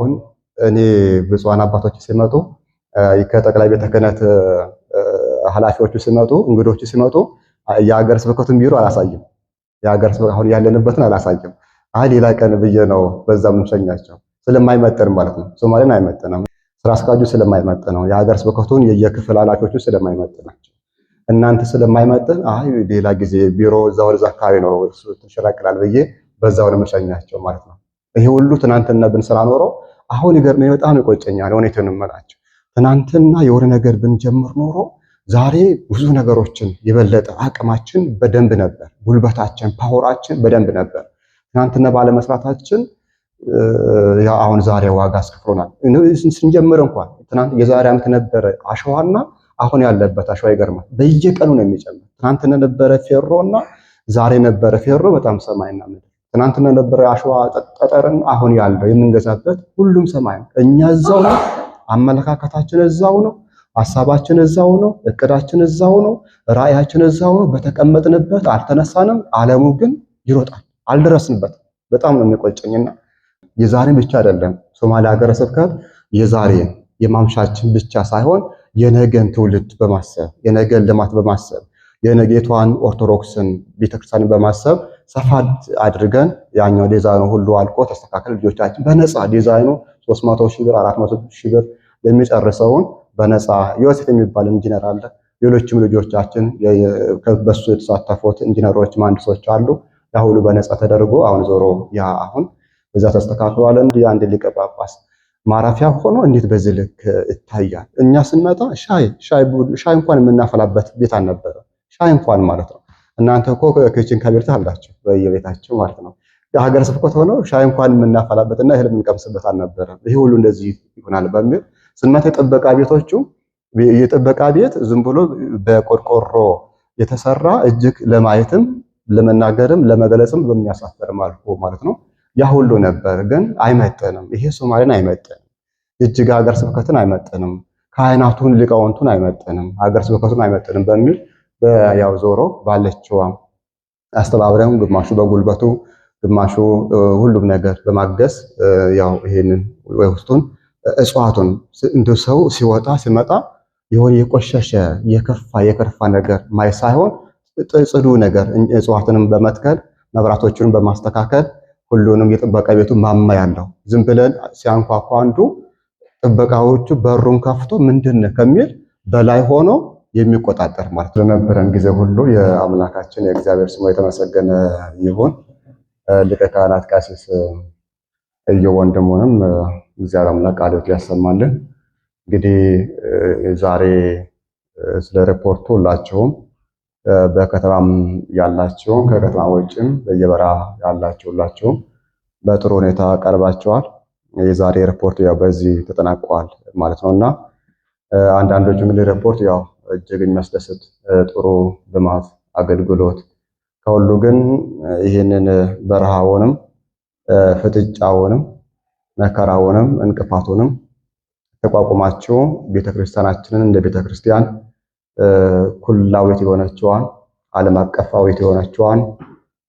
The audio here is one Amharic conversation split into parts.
አሁን እኔ ብፁዓን አባቶች ሲመጡ ከጠቅላይ ቤተ ክህነት ኃላፊዎቹ ሲመጡ እንግዶቹ ሲመጡ የሀገር ስብከቱን ቢሮ አላሳይም። የሀገር ስብከት አሁን ያለንበትን አላሳይም። አይ ሌላ ቀን ብዬ ነው በዛ የምንሸኛቸው ስለማይመጠን ማለት ነው። ሶማሌን አይመጥንም። ስራ አስኪያጁ ስለማይመጥን ነው። የሀገር ስብከቱን የየክፍል ኃላፊዎቹ ስለማይመጥናቸው እናንተ ስለማይመጥን አይ ሌላ ጊዜ ቢሮ እዛው ወደዛ አካባቢ ነው ትንሸራቅላል ብዬ በዛው ነው የምሸኛቸው ማለት ነው። ይሄ ሁሉ ትናንትና ብንሰራ ኖሮ አሁን ይገርመኝ በጣም ይቆጨኛል። እውነቴን እምላችሁ ትናንትና የሆነ ነገር ብንጀምር ኖሮ ዛሬ ብዙ ነገሮችን የበለጠ አቅማችን በደንብ ነበር፣ ጉልበታችን ፓወራችን በደንብ ነበር። ትናንትና ባለመስራታችን አሁን ዛሬ ዋጋ አስከፍሎናል። ስንጀምር እንኳን ትናንት የዛሬ ዓመት ነበረ አሸዋና አሁን ያለበት አሸዋ ይገርማል። በየቀኑ ነው የሚጨምር። ትናንትና ነበረ ፌሮና ዛሬ ነበረ ፌሮ በጣም ሰማይና ምድር ትናንትና ነበረ አሸዋ ጠጠርን አሁን ያለው የምንገዛበት ሁሉም ሰማይ እኛ እዛው ነው፣ አመለካከታችን እዛው ነው፣ ሀሳባችን እዛው ነው፣ እቅዳችን እዛው ነው፣ ራእያችን እዛው ነው። በተቀመጥንበት አልተነሳንም። ዓለሙ ግን ይሮጣል። አልደረስንበትም። በጣም ነው የሚቆጨኝና የዛሬን ብቻ አይደለም ሶማሊያ ሀገረ ስብከት የዛሬን የማምሻችን ብቻ ሳይሆን የነገን ትውልድ በማሰብ የነገን ልማት በማሰብ የነጌቷን ኦርቶዶክስን ቤተክርስቲያንን በማሰብ ሰፋ አድርገን ያኛው ዲዛይኑ ሁሉ አልቆ ተስተካከል ልጆቻችን በነፃ ዲዛይኑ 300 ሺህ ብር 400 ሺህ ብር የሚጨርሰውን በነፃ ዮሴፍ የሚባል ኢንጂነር አለ። ሌሎችም ልጆቻችን በሱ የተሳተፉት ኢንጂነሮች፣ መሀንዲሶች አሉ። ያ ሁሉ በነፃ ተደርጎ አሁን ዞሮ ያ አሁን በዛ ተስተካክሏል። የአንድ ሊቀ ጳጳስ ማረፊያ ሆኖ እንዴት በዚህ ልክ ይታያል? እኛ ስንመጣ ሻይ ሻይ እንኳን የምናፈላበት ቤት አልነበረ። ሻይ እንኳን ማለት ነው እናንተ እኮ ኪችን ካቢኔት አላችሁ በየቤታችሁ ማለት ነው። የሀገረ ስብከት ሆኖ ሻይ እንኳን የምናፈላበትና እህል የምንቀምስበት አልነበረም። ይሄ ሁሉ እንደዚህ ይሆናል በሚል ስናት የጥበቃ ቤቶቹ የጥበቃ ቤት ዝም ብሎ በቆርቆሮ የተሰራ እጅግ ለማየትም ለመናገርም ለመገለጽም በሚያሳፈር መልኩ ማለት ነው። ያ ሁሉ ነበር፣ ግን አይመጥንም። ይሄ ሶማሌን አይመጥንም። እጅግ ሀገር ስብከትን አይመጥንም። ካህናቱን ሊቃውንቱን አይመጥንም። ሀገር ስብከቱን አይመጥንም በሚል ያው ዞሮ ባለችው አስተባብረን ግማሹ በጉልበቱ ግማሹ ሁሉም ነገር በማገዝ ያው ይሄንን ወይ ውስጡን እጽዋቱን እንደ ሰው ሲወጣ ሲመጣ የሆነ የቆሸሸ የከፋ የከርፋ ነገር ማይ ሳይሆን ጥጽዱ ነገር እጽዋትንም በመትከል መብራቶቹንም በማስተካከል ሁሉንም የጥበቃ ቤቱ ማማ ያለው ዝም ብለን ሲያንኳኳ አንዱ ጥበቃዎቹ በሩን ከፍቶ ምንድን ከሚል በላይ ሆኖ የሚቆጣጠር ማለት ነው። በነበረን ጊዜ ሁሉ የአምላካችን የእግዚአብሔር ስሙ የተመሰገነ ይሁን። ሊቀ ካህናት ቀሲስ እየወንድሙንም እግዚአብሔር አምላክ ቃሎት ያሰማልን። እንግዲህ ዛሬ ስለ ሪፖርቱ ሁላችሁም በከተማም ያላችሁም ከከተማ ውጭም በየበራ ያላችሁ ሁላችሁም በጥሩ ሁኔታ ቀርባችኋል። የዛሬ ሪፖርት ያው በዚህ ተጠናቋል ማለት ነውና አንዳንዶቹ እንግዲህ ሪፖርት ያው እጅግ የሚያስደስት ጥሩ ልማት አገልግሎት ከሁሉ ግን ይህንን በረሃውንም ፍጥጫውንም መከራውንም እንቅፋቱንም ተቋቁማችሁ ቤተክርስቲያናችንን እንደ ቤተክርስቲያን ኩላዊት የሆነችዋን ዓለም አቀፋዊት የሆነችዋን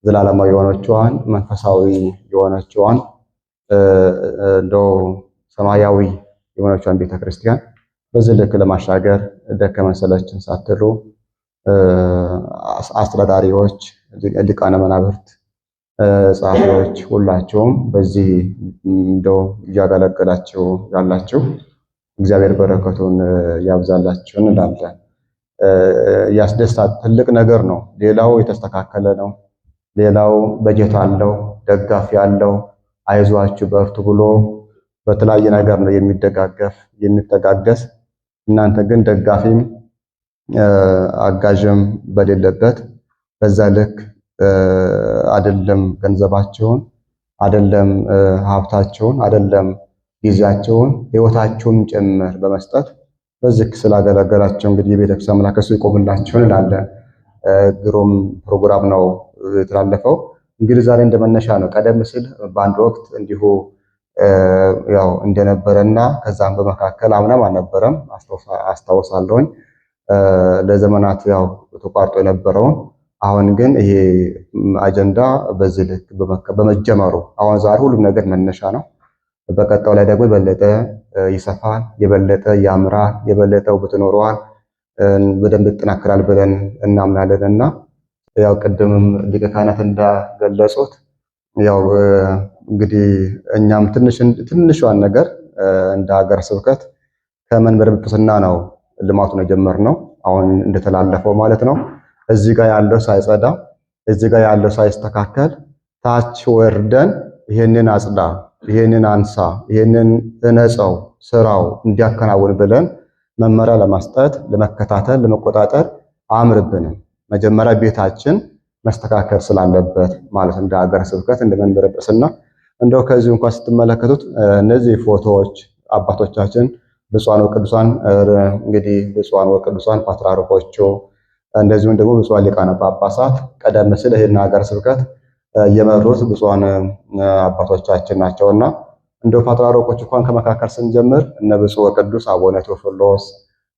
ዘላለማዊ የሆነችዋን መንፈሳዊ የሆነችዋን እንደው ሰማያዊ የሆነችዋን ቤተክርስቲያን በዚህ ልክ ለማሻገር ደከመን ሰለቸን ሳትሉ አስተዳዳሪዎች፣ ሊቃነ መናብርት፣ ጸሐፊዎች ሁላችሁም በዚህ እንደው እያገለገላችሁ ያላችሁ እግዚአብሔር በረከቱን ያብዛላችሁን እንላለን። ያስደስታል። ትልቅ ነገር ነው። ሌላው የተስተካከለ ነው። ሌላው በጀት አለው፣ ደጋፊ አለው። አይዟችሁ በርቱ ብሎ በተለያየ ነገር ነው የሚደጋገፍ የሚተጋገስ እናንተ ግን ደጋፊም አጋዥም በሌለበት በዛ ልክ አይደለም ገንዘባቸውን አይደለም ሀብታቸውን አይደለም ጊዜያቸውን ሕይወታቸውን ጭምር በመስጠት በዚህ ስላገለገላቸው እንግዲህ የቤተክርስቲያን አምላክ እሱ ይቆምላቸውን እንላለን። ግሩም ፕሮግራም ነው የተላለፈው። እንግዲህ ዛሬ እንደመነሻ ነው። ቀደም ሲል በአንድ ወቅት እንዲሁ ያው እንደነበረና ከዛም በመካከል አምናም አልነበረም አስታውሳለሁኝ። ለዘመናት ያው ተቋርጦ የነበረውን አሁን ግን ይሄ አጀንዳ በዚህ ልክ በመጀመሩ አሁን ዛሬ ሁሉም ነገር መነሻ ነው። በቀጣው ላይ ደግሞ የበለጠ ይሰፋል፣ የበለጠ ያምራል፣ የበለጠ ውበት ይኖረዋል፣ በደንብ ይጠናከራል ብለን እናምናለን እና ያው ቅድምም ሊቀ ካህናት ያው እንግዲህ እኛም ትንሿን ነገር እንደ ሀገር ስብከት ከመንበረ ጵጵስና ነው ልማቱን የጀመርነው። አሁን እንደተላለፈው ማለት ነው። እዚህ ጋር ያለው ሳይጸዳ፣ እዚህ ጋር ያለው ሳይስተካከል ታች ወርደን ይሄንን አጽዳ፣ ይሄንን አንሳ፣ ይሄንን እነጸው፣ ስራው እንዲያከናውን ብለን መመሪያ ለማስጠት፣ ለመከታተል፣ ለመቆጣጠር አምርብንም መጀመሪያ ቤታችን መስተካከል ስላለበት ማለት እንደ ሀገረ ስብከት እንደ መንበረ ጵጵስና እንደው ከዚሁ እንኳን ስትመለከቱት እነዚህ ፎቶዎች አባቶቻችን ብፁዓን ወቅዱሳን እንግዲህ ብፁዓን ወቅዱሳን ፓትርያርኮቹ እንደዚሁም ደግሞ ብፁዓን ሊቃነ ጳጳሳት ቀደም ሲል ይህን ሀገር ስብከት የመሩት ብፁዓን አባቶቻችን ናቸውና እንደው ፓትርያርኮች እንኳን ከመካከል ስንጀምር እነ ብፁዕ ወቅዱስ አቡነ ቴዎፍሎስ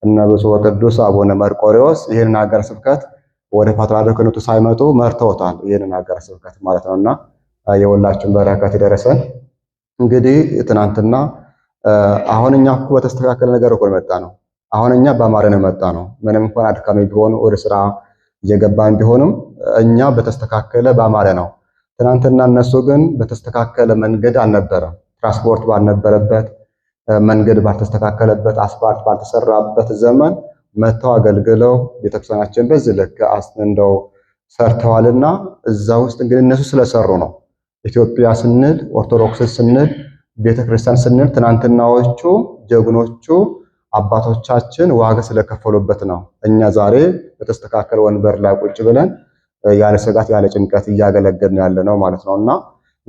እነ ብፁዕ ወቅዱስ አቡነ መርቆሪዎስ ይህንን ሀገር ስብከት ወደ ፓትርያርክነቱ ሳይመጡ መርተውታል። ይህንን ሀገር ስብከት ማለት ነውና የወላችን በረከት ይደረሰን። እንግዲህ ትናንትና አሁን እኛ እኮ በተስተካከለ ነገር እኮ መጣ ነው። አሁን እኛ መጣ ነው። ምንም እንኳን አድካሚ ቢሆን ወደ ስራ እየገባን ቢሆንም እኛ በተስተካከለ በአማረ ነው። ትናንትና እነሱ ግን በተስተካከለ መንገድ አልነበረም። ትራንስፖርት ባልነበረበት መንገድ ባልተስተካከለበት አስፋልት ባልተሰራበት ዘመን መተው አገልግለው ቤተክርስቲያናችን በዚህ ልክ እንደው ሰርተዋልና እዛ ውስጥ እንግዲህ እነሱ ስለሰሩ ነው ኢትዮጵያ ስንል ኦርቶዶክስ ስንል ቤተክርስቲያን ስንል ትናንትናዎቹ ጀግኖቹ አባቶቻችን ዋጋ ስለከፈሉበት ነው። እኛ ዛሬ በተስተካከለ ወንበር ላይ ቁጭ ብለን ያለ ስጋት ያለ ጭንቀት እያገለገልን ያለ ነው ማለት ነውና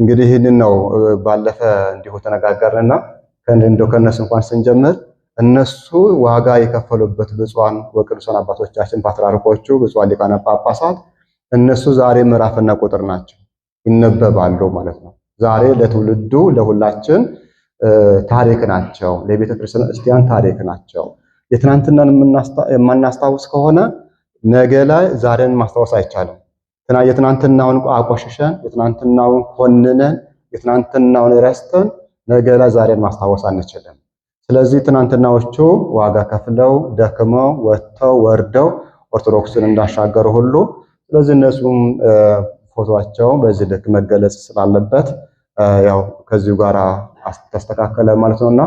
እንግዲህ ይህንን ነው ባለፈ እንዲሁ ተነጋገርንና ከእንደው ከነሱ እንኳን ስንጀምር እነሱ ዋጋ የከፈሉበት ብፁዓን ወቅዱሳን አባቶቻችን ፓትርያርኮቹ ብፁዓን ሊቃነ ጳጳሳት እነሱ ዛሬ ምዕራፍና ቁጥር ናቸው። ይነበባሉ ማለት ነው። ዛሬ ለትውልዱ ለሁላችን ታሪክ ናቸው። ለቤተ ክርስቲያን ታሪክ ናቸው። የትናንትናን የማናስታውስ ከሆነ ነገ ላይ ዛሬን ማስታወስ አይቻልም። የትናንትናውን አቆሽሸን፣ የትናንትናውን ኮንነን፣ የትናንትናውን ረስተን ነገ ላይ ዛሬን ማስታወስ አንችልም። ስለዚህ ትናንትናዎቹ ዋጋ ከፍለው ደክመው ወጥተው ወርደው ኦርቶዶክስን እንዳሻገሩ ሁሉ ስለዚህ እነሱም ፎቶቸው በዚህ ልክ መገለጽ ስላለበት ያው ከዚሁ ጋር ተስተካከለ ማለት ነውና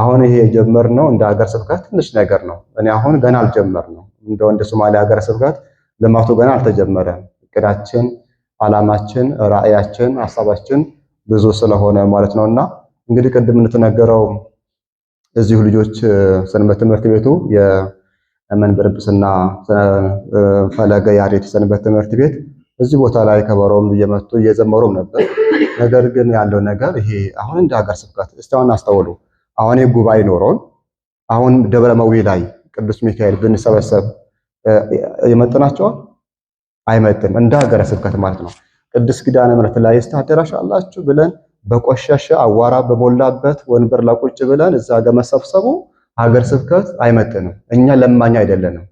አሁን ይሄ የጀመርነው እንደ ሀገር ስብከት ትንሽ ነገር ነው። እኔ አሁን ገና አልጀመርነው እንደው እንደ ሶማሊያ ሀገር ስብከት ልማቱ ገና አልተጀመረም። እቅዳችን፣ አላማችን፣ ራዕያችን፣ ሀሳባችን ብዙ ስለሆነ ማለት ነውና እንግዲህ ቅድም እንደተነገረው እዚሁ ልጆች ሰንበት ትምህርት ቤቱ የመንበረ ጵጵስና ፈለገ ያሬድ ሰንበት ትምህርት ቤት እዚህ ቦታ ላይ ከበሮም እየመቱ እየዘመሩም ነበር። ነገር ግን ያለው ነገር ይሄ አሁን እንደ ሀገር ስብከት እስካሁን አስተውሉ። አሁን ይሄ ጉባኤ ኖሮን አሁን ደብረ መዊ ላይ ቅዱስ ሚካኤል ብንሰበሰብ ይመጥናቸዋል? አይመጥንም። እንደ ሀገረ ስብከት ማለት ነው። ቅዱስ ኪዳነ ምሕረት ላይ እስቲ አዳራሽ አላችሁ ብለን በቆሸሸ አዋራ በሞላበት ወንበር ላቁጭ ብለን እዛ ጋር መሰብሰቡ ሀገር ስብከት አይመጥንም። እኛ ለማኛ አይደለንም።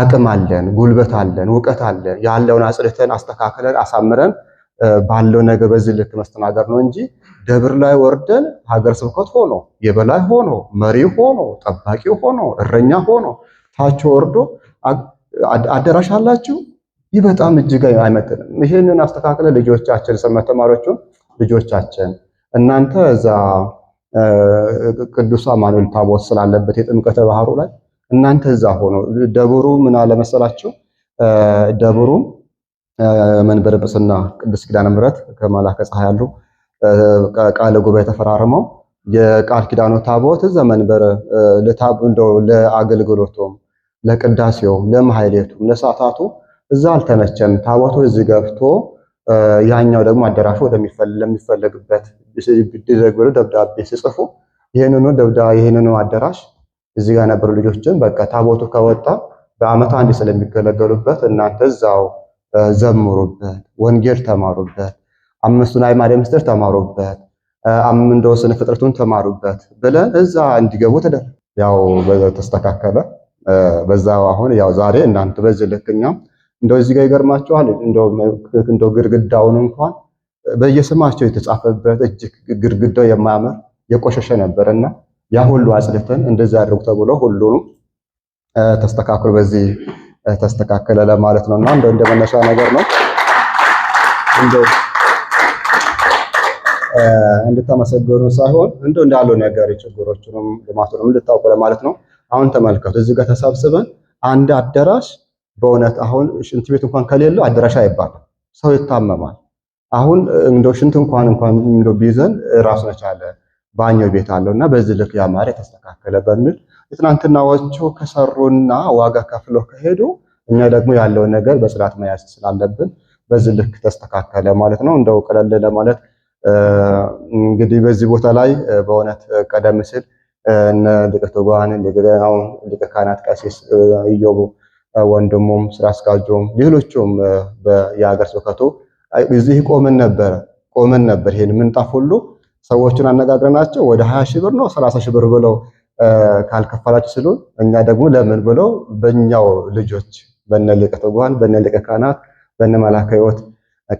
አቅም አለን፣ ጉልበት አለን፣ እውቀት አለን። ያለውን አጽድተን አስተካክለን አሳምረን ባለው ነገር በዚህ ልክ መስተናገር ነው እንጂ ደብር ላይ ወርደን ሀገር ስብከት ሆኖ የበላይ ሆኖ መሪ ሆኖ ጠባቂ ሆኖ እረኛ ሆኖ ታች ወርዶ አዳራሽ አላችሁ፣ ይህ በጣም እጅግ አይመጥንም። ይሄንን አስተካክለ ልጆቻችን ሰመት ተማሪዎችን ልጆቻችን እናንተ እዛ ቅዱስ አማኑኤል ታቦት ስላለበት የጥምቀተ ባህሩ ላይ እናንተ እዛ ሆኖ ደብሩ ምን አለ መሰላችሁ ደብሩ መንበረ ጵጵስና ቅዱስ ኪዳነ ምሕረት ከመላከ ፀሐይ ያሉ ቃለ ጉባኤ ተፈራርመው የቃል ኪዳኑ ታቦት እዛ መንበረ ለታብ እንደው ለአገልግሎቱም ለቅዳሴውም ለማህሌቱም ለሰዓታቱ እዛ አልተመቸም። ታቦቱ እዚህ ገብቶ ያኛው ደግሞ አዳራሹ ወደሚፈለግበት ቢደረግ ብሎ ደብዳቤ ሲጽፉ ይሄንኑ ደብዳ ይሄንኑ አዳራሽ እዚህ ጋር ነበሩ ልጆችን በቃ ታቦቱ ከወጣ በአመት አንድ ስለሚገለገሉበት እናንተ እዛው ዘምሩበት፣ ወንጌል ተማሩበት፣ አምስቱን አዕማደ ምስጢር ተማሩበት፣ እንደው ስነ ፍጥረቱን ተማሩበት ብለን እዛ እንዲገቡ ተደረገ። ያው ተስተካከለ በዛው አሁን ያው ዛሬ እናንተ በዚህ ልክ እንደው እዚህ ጋር ይገርማችኋል እንደው ግድግዳውን እንኳን በየስማቸው የተጻፈበት እጅግ ግድግዳው የማያምር የቆሸሸ ነበርና ያ ሁሉ አጽድተን እንደዚህ አድርጉ ተብሎ ሁሉንም ተስተካክሎ በዚህ ተስተካከለ ለማለት ነውና እንደው እንደ መነሻ ነገር ነው እንድታመሰገኑ ሳይሆን እንደው እንዳሉ ነገር ችግሮችንም ልማቱንም እንድታውቁ ለማለት ነው። አሁን ተመልከቱ፣ እዚህ ጋር ተሰብስበን አንድ አዳራሽ በእውነት አሁን ሽንት ቤት እንኳን ከሌለው አዳራሽ አይባልም፣ ሰው ይታመማል። አሁን እንደው ሽንት እንኳን እንኳን እንደው ቢይዘን ራሱን ባኞ ቤት አለው እና በዚህ ልክ ያማረ የተስተካከለ በሚል የትናንትናዎቹ ከሰሩና ዋጋ ከፍሎ ከሄዱ እኛ ደግሞ ያለው ነገር በጽዳት መያዝ ስላለብን በዚህ ልክ ተስተካከለ ማለት ነው። እንደው ቀለል ለማለት እንግዲህ በዚህ ቦታ ላይ በእውነት ቀደም ሲል እነ ሊቀ ትጉሃን ሊቀ ካህናት ቀሲስ እዮቡ ወንድሙም ስራ አስኪያጁም ሌሎቹም የሀገር ስብከቱ እዚህ ቆመን ነበር ቆመን ነበር ይሄን ምንጣፍ ሁሉ ሰዎቹን አነጋግረናቸው ወደ ሀያ ሺህ ብር ነው ሰላሳ ሺህ ብር ብለው ካልከፈላችሁ ስሉ እኛ ደግሞ ለምን ብለው በእኛው ልጆች በነ ሊቀ ትጉሃን በነ ሊቀ ካህናት በነ መላከ ሕይወት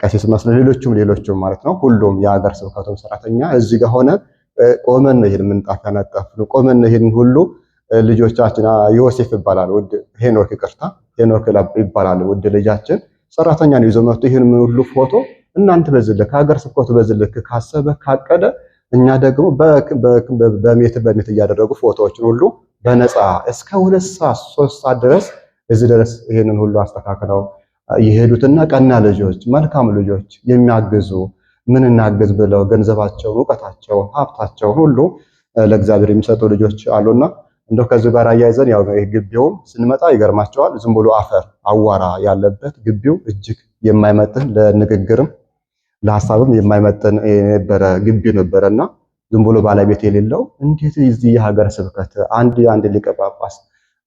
ቀሲስ መስሎ ሌሎቹም ሌሎቹም ማለት ነው ሁሉም የሀገር ስብከቱም ሰራተኛ እዚህ ጋር ሆነ ቆመን ነው ይሄን ምንጣፍ ያነጠፍነው። ቆመን ነው ይሄን ሁሉ ልጆቻችን ዮሴፍ ይባላል ውድ ሄኖክ ይቅርታ ሄኖክ ይባላል ውድ ልጃችን ሰራተኛ ነው ይዞ መጥቶ ይሄን ሁሉ ፎቶ እናንተ በዝልክ ሀገር ስብከቱ በዝልክ ካሰበ ካቀደ እኛ ደግሞ በሜት በሜት እያደረጉ ፎቶዎችን ሁሉ በነፃ እስከ ሁለት ሰዓት ሶስት ሰዓት ድረስ እዚህ ድረስ ይሄንን ሁሉ አስተካክለው የሄዱትና ቀና ልጆች፣ መልካም ልጆች የሚያግዙ ምን እናግዝ ብለው ገንዘባቸውን፣ እውቀታቸውን፣ ሀብታቸውን ሁሉ ለእግዚአብሔር የሚሰጡ ልጆች አሉና እንደው ከዚህ ጋር አያይዘን ያው ነው ይሄ ግቢውም ስንመጣ ይገርማቸዋል። ዝም ብሎ አፈር አዋራ ያለበት ግቢው እጅግ የማይመጥን ለንግግርም ለሀሳብም የማይመጥን የነበረ ግቢ ነበረ እና ዝም ብሎ ባለቤት የሌለው እንዴት እዚህ የሀገረ ስብከት አንድ አንድ ሊቀ ጳጳስ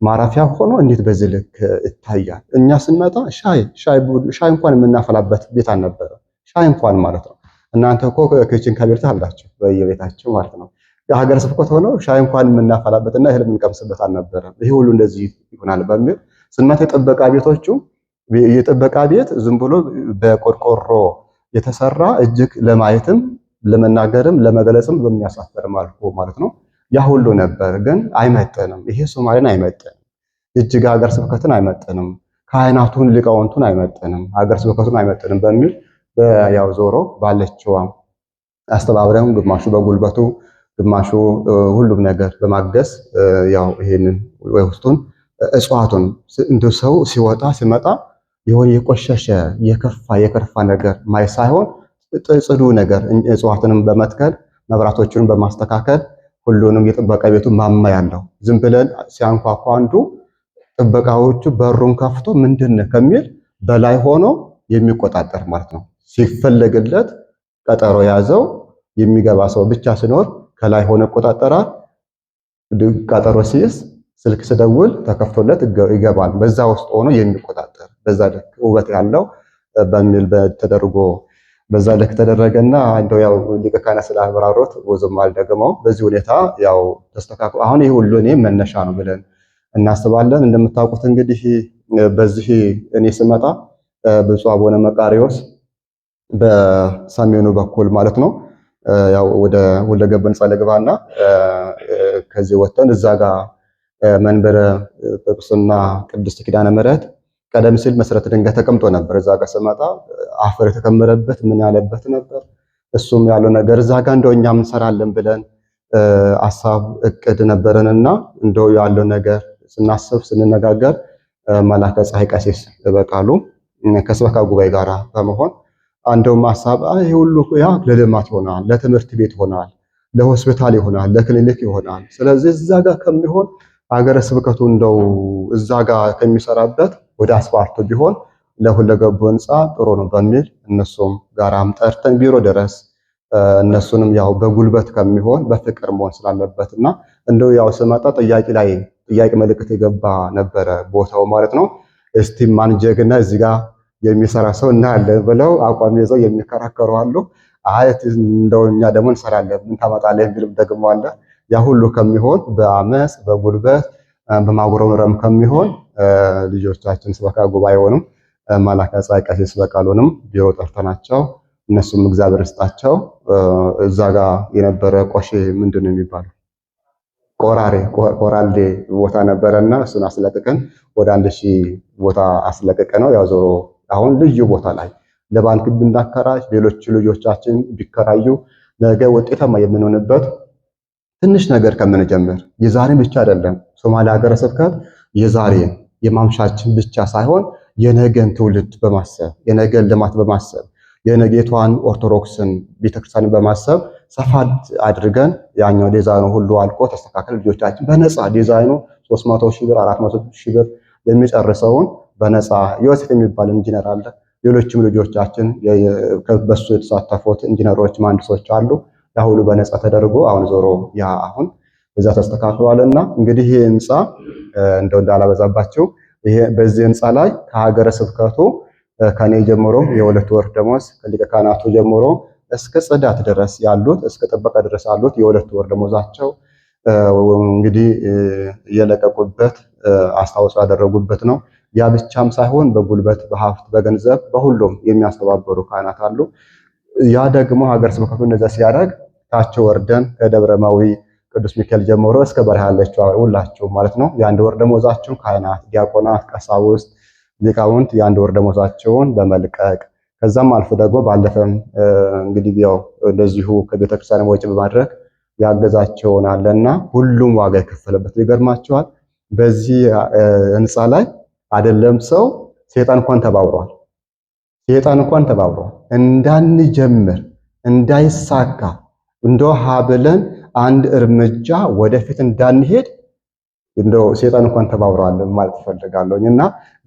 ማረፊያ ሆኖ እንዴት በዚህ ልክ ይታያል? እኛ ስንመጣ ሻይ ሻይ ሻይ እንኳን የምናፈላበት ቤት አልነበረ። ሻይ እንኳን ማለት ነው እናንተ እኮ ክችን ካቢኔት አላቸው በየቤታቸው ማለት ነው። የሀገረ ስብከት ሆኖ ሻይ እንኳን የምናፈላበት እና እህል የምንቀምስበት አልነበረ። ይሄ ሁሉ እንደዚህ ይሆናል በሚል ስንመጣ የጥበቃ ቤቶቹ የጥበቃ ቤት ዝም ብሎ በቆርቆሮ የተሰራ እጅግ ለማየትም ለመናገርም ለመግለጽም በሚያሳፈር መልኩ ማለት ነው። ያ ሁሉ ነበር፣ ግን አይመጥንም። ይሄ ሶማሌን አይመጥንም። እጅግ ሀገር ስብከትን አይመጥንም። ካህናቱን ሊቃውንቱን አይመጥንም። ሀገር ስብከቱን አይመጥንም በሚል ያው ዞሮ ባለችው አስተባብረን ግማሹ በጉልበቱ ግማሹ ሁሉም ነገር በማገዝ ያው ይሄንን ወይ ውስጡን እጽዋቱን እንደ ሰው ሲወጣ ሲመጣ የሆነ የቆሸሸ የከፋ የከርፋ ነገር ማየት ሳይሆን ጽዱ ነገር እጽዋትንም በመትከል መብራቶቹንም በማስተካከል ሁሉንም የጥበቃ ቤቱ ማማ ያለው ዝም ብለን ሲያንኳኳ አንዱ ጥበቃዎቹ በሩን ከፍቶ ምንድን ከሚል በላይ ሆኖ የሚቆጣጠር ማለት ነው። ሲፈለግለት ቀጠሮ ያዘው የሚገባ ሰው ብቻ ሲኖር ከላይ ሆኖ ይቆጣጠራል። ቀጠሮ ሲይዝ ስልክ ስደውል ተከፍቶለት ይገባል። በዛ ውስጥ ሆኖ የሚቆጣጠር በዛ ልክ ውበት ያለው በሚል ተደርጎ በዛ ልክ ተደረገና እንደው ያው ሊቀ ካህናት ስላብራሩት ብዙም አልደግመውም። በዚህ ሁኔታ ያው ተስተካክሎ አሁን ይህ ሁሉ እኔ መነሻ ነው ብለን እናስባለን። እንደምታውቁት እንግዲህ በዚህ እኔ ስመጣ ብፁዕ አቡነ መቃሪዎስ በሰሜኑ በኩል ማለት ነው ያው ወደ ሁለገብ ንጻ ለግባና ከዚህ ወጥተን እዛ ጋር መንበረ ጵጵስና ቅድስት ኪዳነ ምሕረት ቀደም ሲል መሰረተ ድንጋይ ተቀምጦ ነበር። እዛ ጋር ስመጣ አፈር የተከመረበት ምን ያለበት ነበር። እሱም ያለው ነገር እዛ ጋር እንደው እኛም እንሰራለን ብለን አሳብ እቅድ ነበረንና እንደው ያለው ነገር ስናስብ ስንነጋገር መላከ ፀሐይ ቀሲስ በቃሉ ከስበካ ጉባኤ ጋር በመሆን አንደውም ሀሳብ ይሄ ሁሉ ያ ለልማት ይሆናል፣ ለትምህርት ቤት ይሆናል፣ ለሆስፒታል ይሆናል፣ ለክሊኒክ ይሆናል። ስለዚህ እዛ ጋር ከሚሆን ሀገረ ስብከቱ እንደው እዛ ጋር ከሚሰራበት ወደ አስፋልቱ ቢሆን ለሁለገቡ ህንፃ ጥሩ ነው በሚል እነሱም ጋራም ጠርተን ቢሮ ድረስ እነሱንም ያው በጉልበት ከሚሆን በፍቅር መሆን ስላለበት እና እንደው ያው ስመጣ ጥያቄ ላይ ጥያቄ መልእክት የገባ ነበረ ቦታው ማለት ነው። እስቲ ማንጀግና እዚህ ጋር የሚሰራ ሰው እናያለን ብለው አቋም ይዘው የሚከራከሩ አሉ። አይ እንደው እኛ ደግሞ እንሰራለን ምን ታመጣለህ የሚልም ደግሞ አለ። ያ ሁሉ ከሚሆን በአመፅ በጉልበት በማጉረምረም ከሚሆን ልጆቻችን ስበካ ጉባኤ ጉባኤውንም መላከ ጻይቀስ ቀሲስ በቃሉንም ቢሮ ጠርተናቸው እነሱም እግዚአብሔር ስጣቸው። እዛ ጋር የነበረ ቆሼ ምንድን ነው የሚባለው ቆራሬ ቆራሌ ቦታ ነበረና እሱን አስለቅቀን ወደ አንድ ሺህ ቦታ አስለቅቀ ነው ያው ዞሮ አሁን ልዩ ቦታ ላይ ለባንክ ብናከራይ ሌሎች ልጆቻችን ቢከራዩ ነገ ውጤታማ የምንሆንበት ትንሽ ነገር ከምንጀምር የዛሬን ብቻ አይደለም ሶማሌ ሀገረ ስብከት የዛሬን የማምሻችን ብቻ ሳይሆን የነገን ትውልድ በማሰብ የነገን ልማት በማሰብ የነገቷን ኦርቶዶክስን ቤተክርስቲያንን በማሰብ ሰፋ አድርገን ያኛው ዲዛይኑ ሁሉ አልቆ ተስተካከል ልጆቻችን በነፃ ዲዛይኑ 300 ሺህ ብር 400 ሺህ ብር የሚጨርሰውን በነፃ ዮሴፍ የሚባል ኢንጂነር አለ። ሌሎችም ልጆቻችን በሱ የተሳተፉት ኢንጂነሮች፣ መሀንዲሶች አሉ። ያሁሉ በነፃ ተደርጎ አሁን ዞሮ ያ አሁን በዛ ተስተካክሏልና እንግዲህ ይሄ ህንፃ እንደው እንዳላበዛባቸው ይሄ በዚህ ህንፃ ላይ ከሀገረ ስብከቱ ከኔ ጀምሮ የሁለት ወር ደሞዝ ከሊቀ ካህናቱ ጀምሮ እስከ ጽዳት ድረስ ያሉት እስከ ጥበቃ ድረስ ያሉት የሁለት ወር ደሞዛቸው እንግዲህ የለቀቁበት አስተዋጽኦ ያደረጉበት ነው። ያ ብቻም ሳይሆን በጉልበት በሀብት በገንዘብ በሁሉም የሚያስተባበሩ ካህናት አሉ። ያ ደግሞ ሀገረ ስብከቱ እንደዛ ሲያደርግ ታች ወርደን ከደብረ ማዊ ቅዱስ ሚካኤል ጀምሮ እስከ በረሃ ያለችው ሁላችሁ ማለት ነው። የአንድ ወር ደሞዛችሁን ካህናት፣ ዲያቆናት፣ ቀሳውስት፣ ሊቃውንት የአንድ ወር ደሞዛቸውን በመልቀቅ ከዛም አልፎ ደግሞ ባለፈም እንግዲህ ያው እንደዚሁ ከቤተክርስቲያን ወጪ በማድረግ ያገዛቸውን አለና ሁሉም ዋጋ የከፈለበት ይገርማቸዋል። በዚህ ህንፃ ላይ አይደለም ሰው ሴጣን እንኳን ተባብሯል። ሴጣን እንኳን ተባብሯል። እንዳንጀምር እንዳይሳካ እንደው ሀብለን አንድ እርምጃ ወደፊት እንዳንሄድ እንደው ሴጣን እንኳን ተባብሯል ማለት እፈልጋለሁ። እና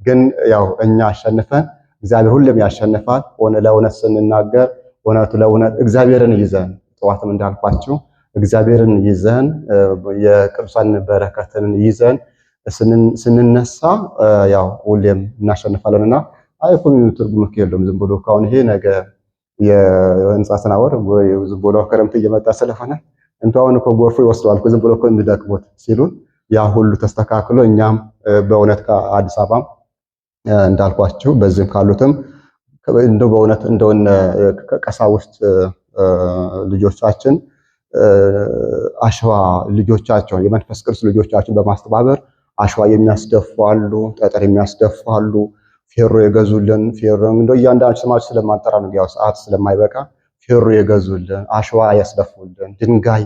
ግን ያው እኛ አሸንፈን እግዚአብሔር ሁሉም ያሸንፋል። ሆነ ለእውነት ስንናገር እውነቱ ለእውነት እግዚአብሔርን ይዘን ጠዋትም እንዳልኳችሁ እግዚአብሔርን ይዘን የቅዱሳን በረከትን ይዘን ስንነሳ ያው ሁሌም እናሸንፋለንና አይኮም ትርጉም የለውም። ዝም ብሎ ካሁን ይሄ ነገር የህንፃ ስናወር ዝም ብሎ ክረምት እየመጣ ስለሆነ እንቱ አሁን እኮ ጎርፉ ይወስደዋል ዝም ብሎ እኮ እንዲደክሞት ሲሉን ያ ሁሉ ተስተካክሎ እኛም በእውነት ከአዲስ አበባም እንዳልኳችሁ በዚህም ካሉትም እንደ በእውነት እንደውን ከቀሳውስት ልጆቻችን አሸዋ ልጆቻቸውን የመንፈስ ቅዱስ ልጆቻችን በማስተባበር አሸዋ የሚያስደፉ አሉ፣ ጠጠር የሚያስደፉ አሉ። ፌሮ የገዙልን ፌሮ እንደው እያንዳንዱ ስማች ስለማንጠራ ነው፣ ያው ሰዓት ስለማይበቃ ፌሮ የገዙልን፣ አሸዋ ያስደፉልን፣ ድንጋይ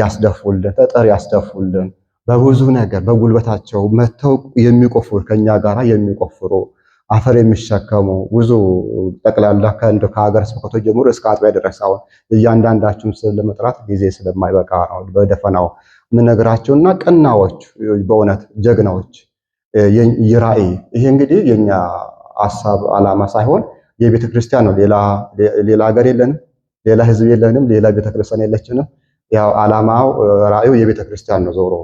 ያስደፉልን፣ ጠጠር ያስደፉልን፣ በብዙ ነገር በጉልበታቸው መተው የሚቆፍሩ ከኛ ጋራ የሚቆፍሩ አፈር የሚሸከሙ ብዙ ጠቅላላ ከእንደ ከሀገር ስብከቱ ጀምሮ እስከ አጥቢያ ድረስ አሁን እያንዳንዳችሁም ስለመጥራት ጊዜ ስለማይበቃ ነው በደፈናው ምነግራቸውና ቀናዎች በእውነት ጀግናዎች የራእይ ይሄ እንግዲህ የኛ ሀሳብ አላማ ሳይሆን የቤተ ክርስቲያን ነው። ሌላ ሀገር የለንም፣ ሌላ ህዝብ የለንም፣ ሌላ ቤተ ክርስቲያን የለችንም። ያው አላማው ራእዩ የቤተ ክርስቲያን ነው። ዞሮ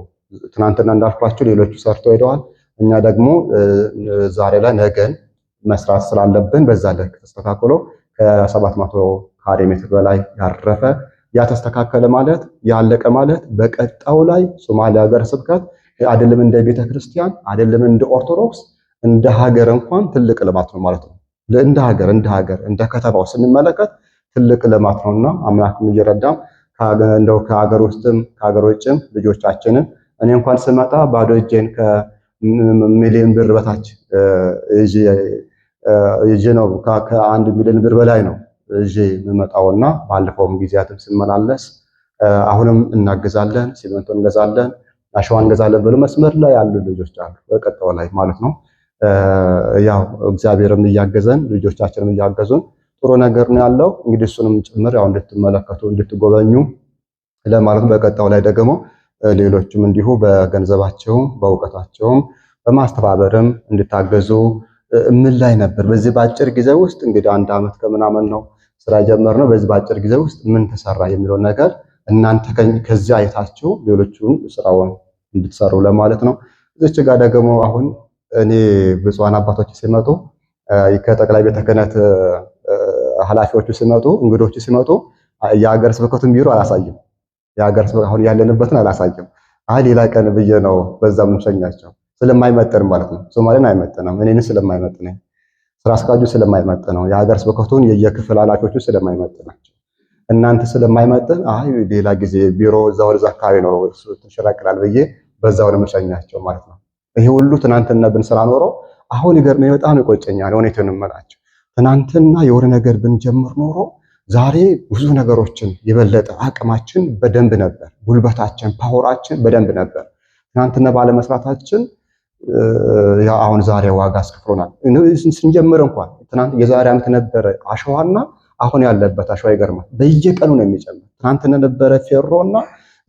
ትናንትና እንዳልኳችሁ ሌሎቹ ሰርተው ሄደዋል። እኛ ደግሞ ዛሬ ላይ ነገን መስራት ስላለብን በዛ ልክ ተስተካክሎ ከሰባት መቶ ካሬ ሜትር በላይ ያረፈ ያተስተካከለ ማለት ያለቀ ማለት በቀጣው ላይ ሶማሊያ ሀገረ ስብከት አይደለም እንደ ቤተ ክርስቲያን አይደለም እንደ ኦርቶዶክስ እንደ ሀገር እንኳን ትልቅ ልማት ነው ማለት ነው። እንደ ሀገር እንደ ሀገር እንደ ከተማው ስንመለከት ትልቅ ልማት ነውና አምላክም እየረዳም እንደው ከሀገር ውስጥም ከሀገር ውጭም ልጆቻችንን እኔ እንኳን ስመጣ ባዶ እጄን ከሚሊዮን ብር በታች ይዤ ነው ከአንድ ሚሊዮን ብር በላይ ነው ይዤ የምመጣውና ባለፈውም ጊዜያትም ስመላለስ አሁንም እናግዛለን፣ ሲሚንቶ እንገዛለን አሸዋ እንገዛለን ብሎ መስመር ላይ ያሉ ልጆች አሉ፣ በቀጣው ላይ ማለት ነው። ያው እግዚአብሔርም እያገዘን ልጆቻችንም እያገዙን ጥሩ ነገር ነው ያለው። እንግዲህ እሱንም ጭምር ያው እንድትመለከቱ እንድትጎበኙ ለማለት በቀጣው ላይ ደግሞ ሌሎችም እንዲሁ በገንዘባቸውም በእውቀታቸውም በማስተባበርም እንድታገዙ ምን ላይ ነበር በዚህ በአጭር ጊዜ ውስጥ እንግዲህ አንድ ዓመት ከምናምን ነው ስራ ጀመር ነው። በዚህ በአጭር ጊዜ ውስጥ ምን ተሰራ የሚለው ነገር እናንተ ከዚህ አይታችሁ ሌሎቹን ስራውን እንድትሰሩ ለማለት ነው። እዚች ጋር ደግሞ አሁን እኔ ብፁዓን አባቶች ሲመጡ ከጠቅላይ ቤተ ክህነት ኃላፊዎቹ ሲመጡ እንግዶቹ ሲመጡ የሀገር ስብከቱን ቢሮ አላሳይም። የሀገር ስብከት አሁን ያለንበትን አላሳይም። አይ ሌላ ቀን ብዬ ነው በዛ የምንሸኛቸው ስለማይመጥን ማለት ነው። ሶማሌን አይመጥንም፣ እኔን ስለማይመጥን፣ ስራ አስኪያጁ ስለማይመጥን ነው። የሀገር ስብከቱን የየክፍል ኃላፊዎቹ ስለማይመጥን ናቸው። እናንተ ስለማይመጥን አይ ሌላ ጊዜ ቢሮ እዛ ወደዛ አካባቢ ነው ትንሸራቅላል ብዬ በዛው ነው የምንሸኛቸው ማለት ነው። ይሄ ሁሉ ትናንትና ብንሰራ ኖሮ አሁን ይገርመኝ በጣም ይቆጨኛል። እውነቴን እምላችሁ ትናንትና የሆነ ነገር ብንጀምር ኖሮ ዛሬ ብዙ ነገሮችን የበለጠ አቅማችን በደንብ ነበር፣ ጉልበታችን ፓወራችን በደንብ ነበር። ትናንትና ባለመስራታችን አሁን ዛሬ ዋጋ አስከፍሎናል። ስንጀምር እንኳን ትናንት የዛሬ ዓመት ነበረ አሸዋና አሁን ያለበት አሸዋ ይገርማል። በየቀኑ ነው የሚጨምር። ትናንትና ነበረ ፌሮና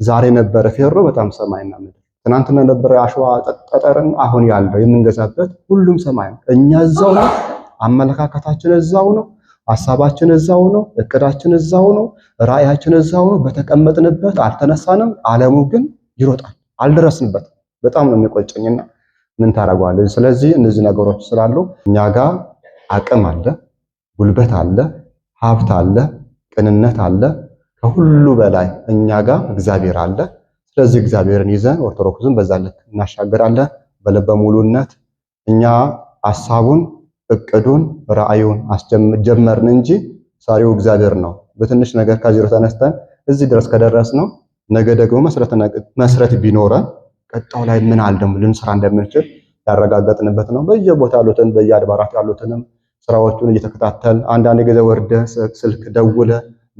ዛሬ ነበረ ፌሮ በጣም ሰማይና ምድር ትናንትና ነበረ አሸዋ ጠጠርን አሁን ያለው የምንገዛበት ሁሉም ሰማይ ነው። እኛ እዛው ነው፣ አመለካከታችን እዛው ነው፣ ሀሳባችን እዛው ነው፣ እቅዳችን እዛው ነው፣ ራእያችን እዛው ነው። በተቀመጥንበት አልተነሳንም። ዓለሙ ግን ይሮጣል፣ አልደረስንበት። በጣም ነው የሚቆጨኝና ምን ታደርገዋለህ? ስለዚህ እነዚህ ነገሮች ስላሉ እኛ ጋር አቅም አለ፣ ጉልበት አለ፣ ሀብት አለ፣ ቅንነት አለ። ከሁሉ በላይ እኛ ጋር እግዚአብሔር አለ። ስለዚህ እግዚአብሔርን ይዘን ኦርቶዶክስን በዛ ልክ እናሻገራለን። በልበ ሙሉነት እኛ ሐሳቡን እቅዱን ራእዩን አስጀመርን እንጂ ሰሪው እግዚአብሔር ነው። በትንሽ ነገር ከዜሮ ተነስተን እዚህ ድረስ ከደረስ ነው ነገ ደግሞ መስረት ቢኖረን ቀጣው ላይ ምን አለ ደግሞ ልንሰራ እንደምንችል ያረጋገጥንበት ነው። በየቦታ ያሉትን በየአድባራት ያሉትንም ስራዎቹን እየተከታተል አንዳንድ ጊዜ ወርደ ስልክ ደውለ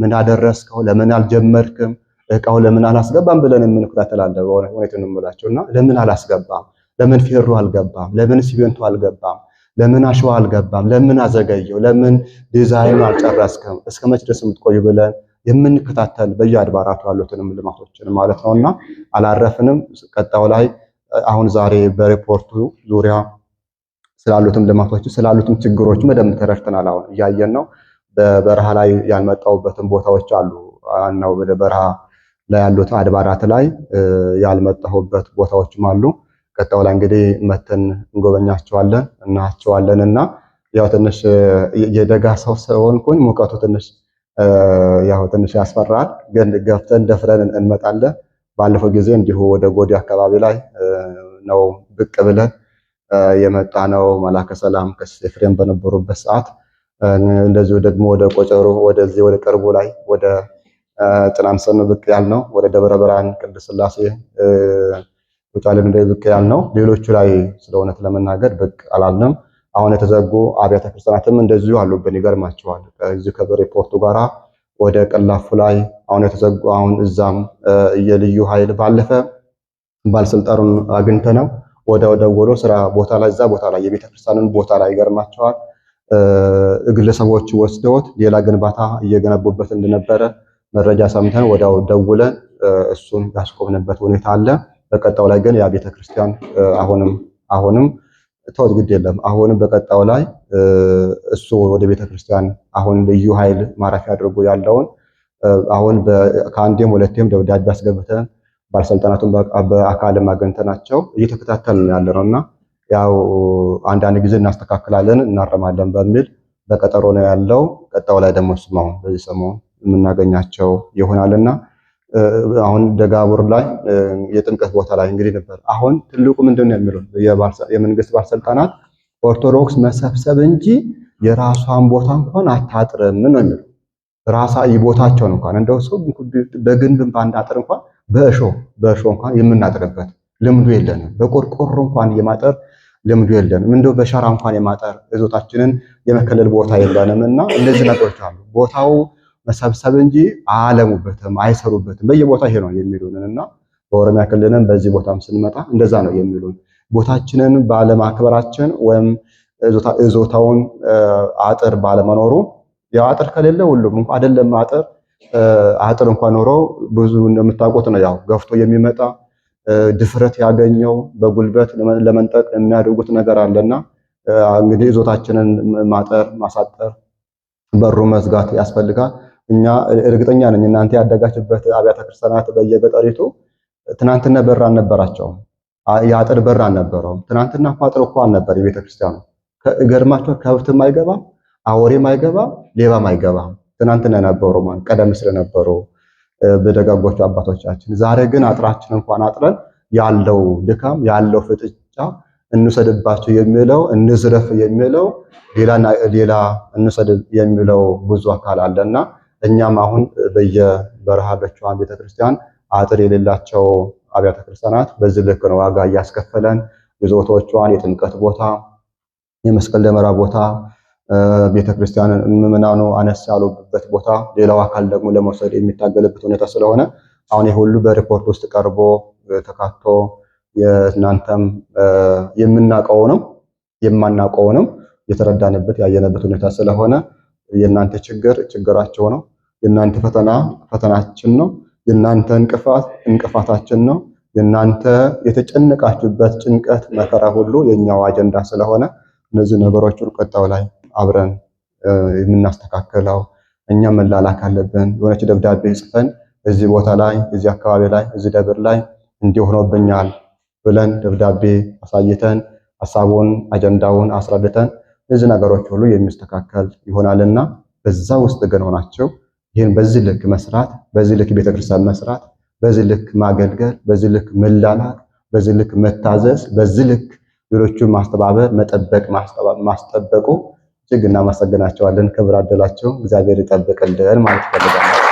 ምን አደረስከው፣ ለምን አልጀመርክም እቃው ለምን አላስገባም ብለን የምንከታተላለን። እውነቱን እንምላቸው እና ለምን አላስገባም፣ ለምን ፌሮ አልገባም፣ ለምን ሲሜንቱ አልገባም፣ ለምን አሸዋ አልገባም፣ ለምን አዘገየው፣ ለምን ዲዛይኑ አልጨረስክም፣ እስከ መቼ ድረስ የምትቆዩ ብለን የምንከታተል በየአድባራቱ ያሉትንም ልማቶችን ማለት ነውና አላረፍንም። ቀጣው ላይ አሁን ዛሬ በሪፖርቱ ዙሪያ ስላሉትም ልማቶች ስላሉትም ችግሮች በደንብ ተረድተናል። አሁን እያየን ነው። በበረሃ ላይ ያልመጣውበትን ቦታዎች አሉ ነው በረሃ ላይ ያሉት አድባራት ላይ ያልመጣሁበት ቦታዎችም አሉ። ቀጣው ላይ እንግዲህ መተን እንጎበኛቸዋለን እናያቸዋለን። እና ያው ትንሽ የደጋ ሰው ስለሆንኩኝ ሙቀቱ ትንሽ ያው ትንሽ ያስፈራል፣ ግን ገፍተን ደፍረን እንመጣለን። ባለፈው ጊዜ እንዲሁ ወደ ጎዲ አካባቢ ላይ ነው ብቅ ብለን የመጣ ነው። መላከ ሰላም ቀሲስ ኤፍሬም በነበሩበት ሰዓት እንደዚሁ ደግሞ ወደ ቆጨሮ ወደዚህ ወደ ቅርቡ ላይ ወደ ጥላን ሰን ብቅ ያልነው ወደ ደብረ ብርሃን ቅድስት ሥላሴ ቶታልን ብቅ ያልነው ሌሎቹ ላይ ስለ እውነት ለመናገር ብቅ አላልንም። አሁን የተዘጉ አብያተ ክርስቲያናትም እንደዚሁ አሉብን። ይገርማቸዋል። ከዚህ ከሪፖርቱ ጋራ ወደ ቀላፉ ላይ አሁን የተዘጉ አሁን እዛም የልዩ ኃይል ባለፈ ባለስልጣኑን አግኝተ ነው ወደ ደወሎ ስራ ቦታ ላይ እዛ ቦታ ላይ የቤተ ቦታ ላይ ይገርማቸዋል። ግለሰቦች ወስደውት ሌላ ግንባታ እየገነቡበት እንደነበረ መረጃ ሰምተን ወዲያው ደውለን እሱን ያስቆምንበት ሁኔታ አለ። በቀጣው ላይ ግን ያ ክርስቲያን አሁንም አሁንም ተወት ግድ የለም አሁንም በቀጣው ላይ እሱ ወደ ቤተክርስቲያን አሁን ልዩ ኃይል ማረፊያ አድርጎ ያለውን አሁን ከአንዴም ሁለቴም ደብዳቤ አስገብተን ባለስልጣናቱን በአካልም አገኝተናቸው እየተከታተልን ያለ ነው እና ያው አንዳንድ ጊዜ እናስተካክላለን እናረማለን በሚል በቀጠሮ ነው ያለው። ቀጣው ላይ ደግሞ እሱም አሁን በዚህ ሰሞን የምናገኛቸው ይሆናልና አሁን ደጋቡር ላይ የጥምቀት ቦታ ላይ እንግዲህ ነበር። አሁን ትልቁ ምንድን ነው የሚሉት የመንግስት ባለስልጣናት ኦርቶዶክስ መሰብሰብ እንጂ የራሷን ቦታ እንኳን አታጥርም ነው የሚሉ ራሳ ቦታቸውን እንኳን እንደው ሰው በግንብ ባናጥር እንኳን በእሾ በእሾ እንኳን የምናጥርበት ልምዱ የለንም። በቆርቆሮ እንኳን የማጠር ልምዱ የለንም። እንደው በሸራ እንኳን የማጠር እዞታችንን የመከለል ቦታ የለንም እና እነዚህ ነገሮች አሉ ቦታው መሰብሰብ እንጂ አለሙበትም፣ አይሰሩበትም። በየቦታ ይሄ ነው የሚሉንን እና በኦሮሚያ ክልልም በዚህ ቦታም ስንመጣ እንደዛ ነው የሚሉን። ቦታችንን ባለማክበራችን ወይም እዞታውን አጥር ባለመኖሩ ያው አጥር ከሌለ ሁሉም እንኳ አይደለም አጥር አጥር እንኳን ኖሮ ብዙ እንደምታውቁት ነው ያው ገፍቶ የሚመጣ ድፍረት ያገኘው በጉልበት ለመንጠቅ የሚያደርጉት ነገር አለና እንግዲህ እዞታችንን ማጠር ማሳጠር በሩ መዝጋት ያስፈልጋል። እኛ እርግጠኛ ነኝ እናንተ ያደጋችበት አብያተ ክርስቲያናት በየገጠሪቱ ትናንትና በር አልነበራቸውም። የአጥር በር አልነበረውም። ትናንትና እኮ አጥር እኮ አልነበር የቤተ ክርስቲያኑ። ገርማቸው ከብትም አይገባም፣ አወሬም አይገባም፣ ሌባም አይገባም። ትናንትና ነበሩ ማን ቀደም ስለነበሩ በደጋጎቹ አባቶቻችን። ዛሬ ግን አጥራችን እንኳን አጥረን ያለው ድካም ያለው ፍጥጫ እንውሰድባቸው የሚለው እንዝረፍ የሚለው ሌላ እንውሰድ የሚለው ብዙ አካል አለና እኛም አሁን በየበረሃ በቸዋን ቤተክርስቲያን አጥር የሌላቸው አብያተ ክርስቲያናት በዚህ ልክ ነው ዋጋ እያስከፈለን የዘወትሮቿን የጥምቀት ቦታ፣ የመስቀል ደመራ ቦታ ቤተክርስቲያን ምዕመናኑ አነስ ያሉበት ቦታ ሌላው አካል ደግሞ ለመውሰድ የሚታገልበት ሁኔታ ስለሆነ አሁን የሁሉ በሪፖርት ውስጥ ቀርቦ ተካቶ የእናንተም የምናውቀውንም የማናውቀውንም የተረዳንበት ያየነበት ሁኔታ ስለሆነ የእናንተ ችግር ችግራቸው ነው። የእናንተ ፈተና ፈተናችን ነው። የእናንተ እንቅፋት እንቅፋታችን ነው። የእናንተ የተጨነቃችሁበት ጭንቀት፣ መከራ ሁሉ የኛው አጀንዳ ስለሆነ እነዚህ ነገሮች ርቀጣው ላይ አብረን የምናስተካከለው እኛ መላላክ አለብን። የሆነች ደብዳቤ ጽፈን እዚህ ቦታ ላይ እዚህ አካባቢ ላይ እዚህ ደብር ላይ እንዲህ ሆኖብኛል ብለን ደብዳቤ አሳይተን ሀሳቡን አጀንዳውን አስረድተን እነዚህ ነገሮች ሁሉ የሚስተካከል ይሆናልና በዛ ውስጥ ግን ሆናቸው ይህን በዚህ ልክ መስራት፣ በዚህ ልክ ቤተክርስቲያን መስራት፣ በዚህ ልክ ማገልገል፣ በዚህ ልክ መላላክ፣ በዚህ ልክ መታዘዝ፣ በዚህ ልክ ሌሎቹን ማስተባበር፣ መጠበቅ፣ ማስጠበቁ እጅግ እናመሰግናቸዋለን። ክብር አደላቸው እግዚአብሔር ይጠብቅልን ማለት ይፈልጋል።